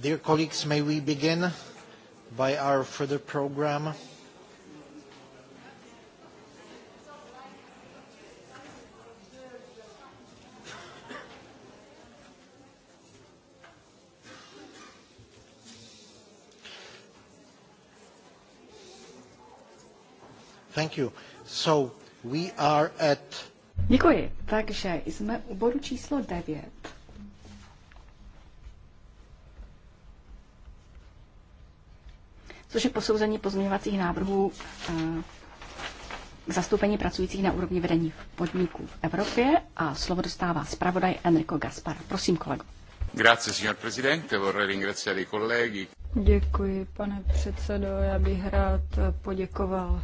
Dear colleagues, may we begin by our further program? Thank you. So we are at... Děkuji. Takže jsme u bodu číslo 9. což je posouzení pozměňovacích návrhů eh, k zastoupení pracujících na úrovni vedení v podniků v Evropě a slovo dostává zpravodaj Enrico Gaspar. Prosím, kolego. Grazie, signor Presidente. Vorrei ringraziare i colleghi. Děkuji, pane předsedo. Já bych rád poděkoval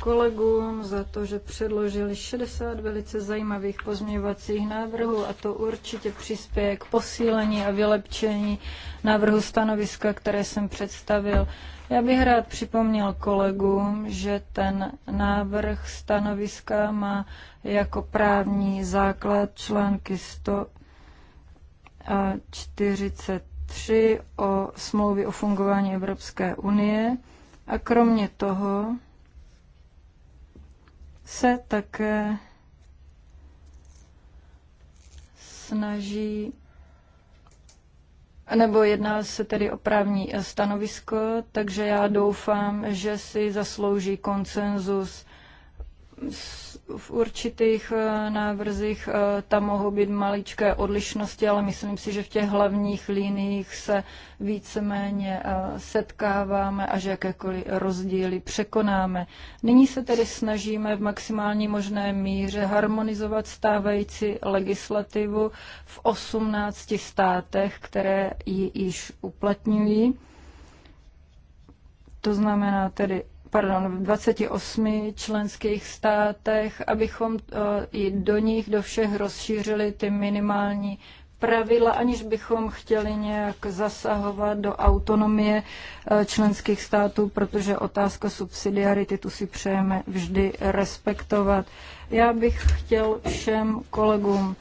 kolegům za to, že předložili 60 velice zajímavých pozměňovacích návrhů a to určitě přispěje k posílení a vylepčení návrhu stanoviska, které jsem představil. Já bych rád připomněl kolegům, že ten návrh stanoviska má jako právní základ články 143 o smlouvě o fungování Evropské unie a kromě toho se také snaží nebo jedná se tedy o právní stanovisko, takže já doufám, že si zaslouží konsenzus v určitých eh, návrzích eh, tam mohou být maličké odlišnosti, ale myslím si, že v těch hlavních líních se víceméně eh, setkáváme a že jakékoliv rozdíly překonáme. Nyní se tedy snažíme v maximální možné míře harmonizovat stávající legislativu v 18 státech, které ji již uplatňují. To znamená tedy pardon, v 28 členských státech, abychom eh, i do nich, do všech rozšířili ty minimální pravidla, aniž bychom chtěli nějak zasahovat do autonomie eh, členských států, protože otázka subsidiarity tu si přejeme vždy respektovat. Já bych chtěl všem kolegům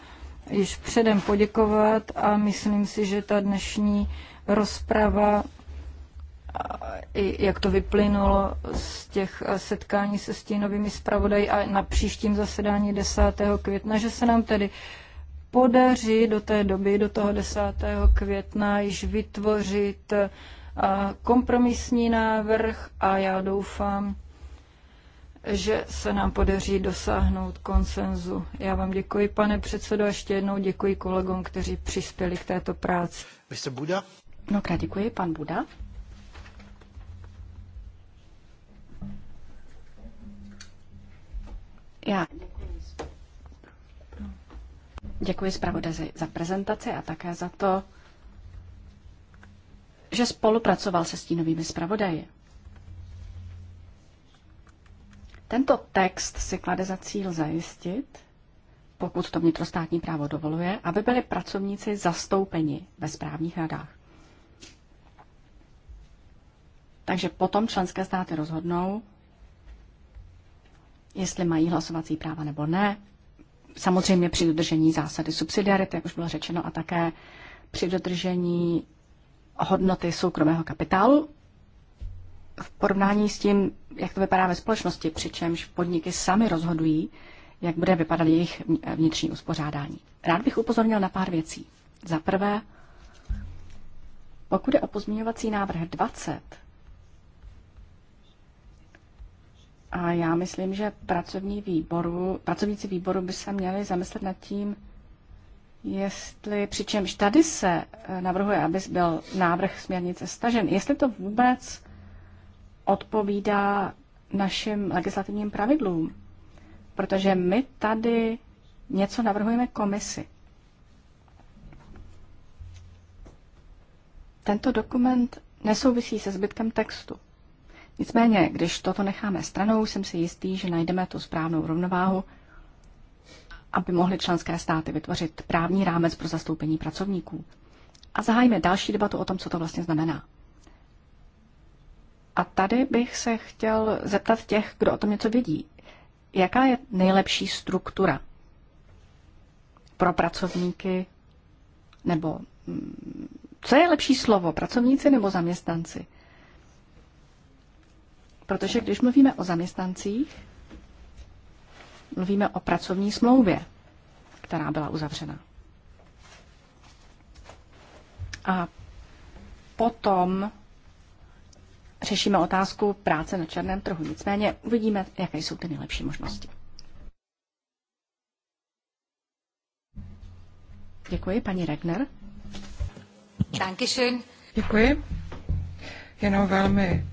již předem poděkovat a myslím si, že ta dnešní rozprava i jak to vyplynulo z těch eh, setkání se stínovými zpravodají a na příštím zasedání 10. května, že se nám tedy podaří do té doby, do toho 10. května, již vytvořit eh, kompromisní návrh a já doufám, že se nám podaří dosáhnout konsenzu. Já vám děkuji, pane předsedo, a ještě jednou děkuji kolegům, kteří přispěli k této práci. Mr. Buda? Mnohokrát děkuji, pan Buda. Já děkuji zpravodaji za prezentaci a také za to, že spolupracoval se stínovými zpravodaji. Tento text si klade za cíl zajistit, pokud to vnitrostátní právo dovoluje, aby byli pracovníci zastoupeni ve správních radách. Takže potom členské státy rozhodnou, jestli mají hlasovací práva nebo ne. Samozřejmě při dodržení zásady subsidiarity, jak už bylo řečeno, a také při dodržení hodnoty soukromého kapitálu v porovnání s tím, jak to vypadá ve společnosti, přičemž podniky sami rozhodují, jak bude vypadat jejich vnitřní uspořádání. Rád bych upozornil na pár věcí. Za prvé, pokud je o pozměňovací návrh 20, A já myslím, že pracovní výboru, pracovníci výboru by se měli zamyslet nad tím, jestli, přičemž tady se eh, navrhuje, aby byl návrh směrnice stažen, jestli to vůbec odpovídá našim legislativním pravidlům. Protože my tady něco navrhujeme komisi. Tento dokument nesouvisí se zbytkem textu. Nicméně, když toto necháme stranou, jsem si jistý, že najdeme tu správnou rovnováhu, aby mohly členské státy vytvořit právní rámec pro zastoupení pracovníků. A zahájíme další debatu o tom, co to vlastně znamená. A tady bych se chtěl zeptat těch, kdo o tom něco vidí. Jaká je nejlepší struktura pro pracovníky, nebo mm, co je lepší slovo, pracovníci nebo zaměstnanci? Protože když mluvíme o zaměstnancích, mluvíme o pracovní smlouvě, která byla uzavřena. A potom řešíme otázku práce na černém trhu. Nicméně uvidíme, jaké jsou ty nejlepší možnosti. Děkuji, paní Regner. Děkuji. Jenom velmi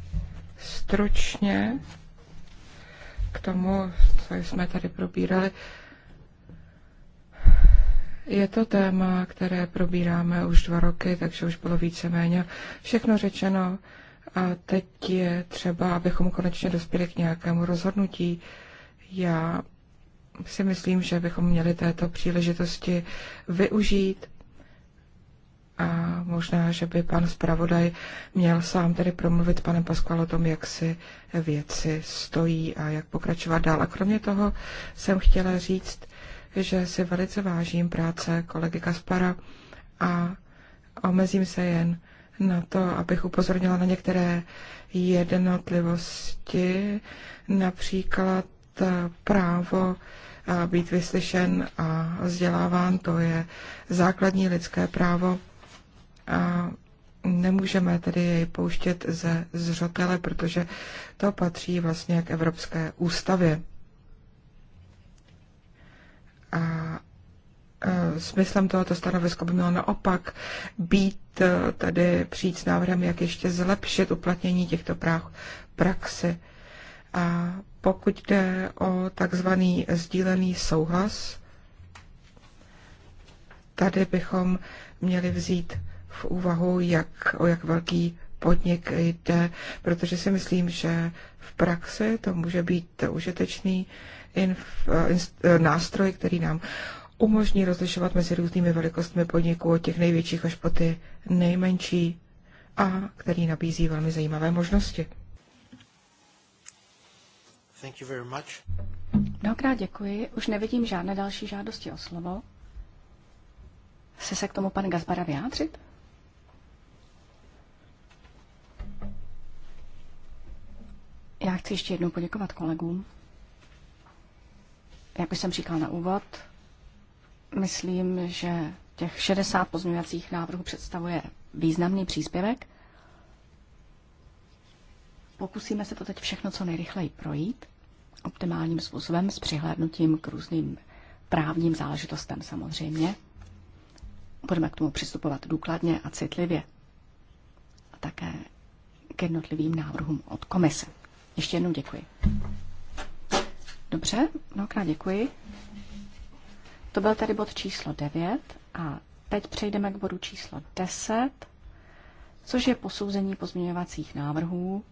stručně k tomu, co jsme tady probírali. Je to téma, které probíráme už dva roky, takže už bylo víceméně všechno řečeno. A teď je třeba, abychom konečně dospěli k nějakému rozhodnutí. Já si myslím, že bychom měli této příležitosti využít a možná, že by pan zpravodaj měl sám tedy promluvit panem Paskval o tom, jak si věci stojí a jak pokračovat dál. A kromě toho jsem chtěla říct, že si velice vážím práce kolegy Kaspara a omezím se jen na to, abych upozornila na některé jednotlivosti, například právo být vyslyšen a vzděláván, to je základní lidské právo a nemůžeme tedy jej pouštět ze zřetele, protože to patří vlastně k Evropské ústavě. A e, smyslem tohoto stanoviska by mělo naopak být e, tady přijít s návrhem, jak ještě zlepšit uplatnění těchto práv praxi. A pokud jde o takzvaný sdílený souhlas, tady bychom měli vzít v úvahu, jak, o jak velký podnik jde, protože si myslím, že v praxi to může být užitečný inf, eh, inst, eh, nástroj, který nám umožní rozlišovat mezi různými velikostmi podniků od těch největších až po ty nejmenší a který nabízí velmi zajímavé možnosti. Thank you very much. Mnohokrát děkuji. Už nevidím žádné další žádosti o slovo. Chce se k tomu pan Gazbara vyjádřit? chci ještě jednou poděkovat kolegům. Jak už jsem říkal na úvod, myslím, že těch 60 pozměňovacích návrhů představuje významný příspěvek. Pokusíme se to teď všechno co nejrychleji projít optimálním způsobem s přihlédnutím k různým právním záležitostem samozřejmě. Budeme k tomu přistupovat důkladně a citlivě. A také k jednotlivým návrhům od komise. Ještě jednou děkuji. Dobře, mnohokrát děkuji. To byl tady bod číslo 9 a teď přejdeme k bodu číslo 10, což je posouzení pozměňovacích návrhů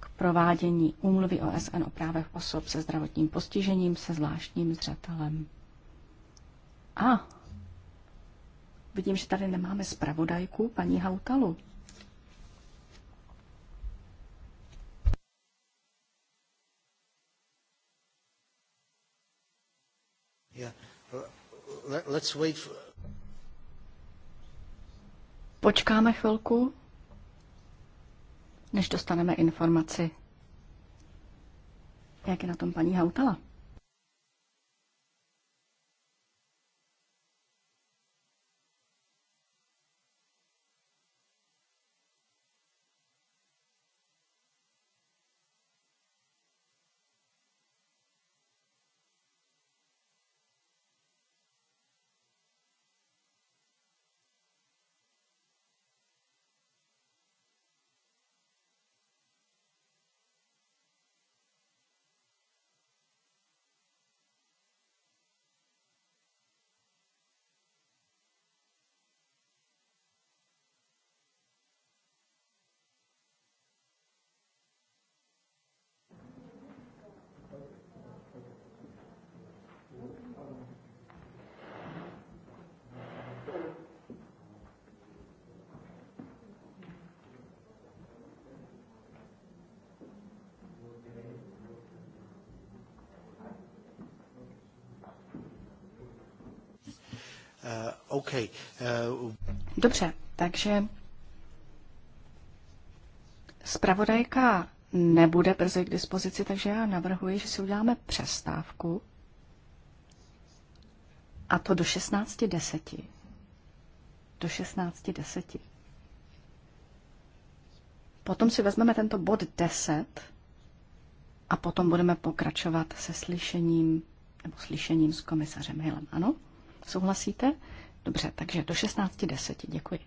k provádění úmluvy OSN o právech osob se zdravotním postižením se zvláštním zřetelem. A vidím, že tady nemáme zpravodajku paní Hautalu. Let's wait for... Počkáme chvilku, než dostaneme informaci, jak je na tom paní Hautala. Eh, eh, Dobře, takže zpravodajka nebude brzy k dispozici, takže já navrhuji, že si uděláme přestávku a to do 16.10. Do 16.10. Potom si vezmeme tento bod 10 a potom budeme pokračovat se slyšením nebo slyšením s komisařem Hillem. Ano? Souhlasíte? Dobře, takže do 16.10. Děkuji.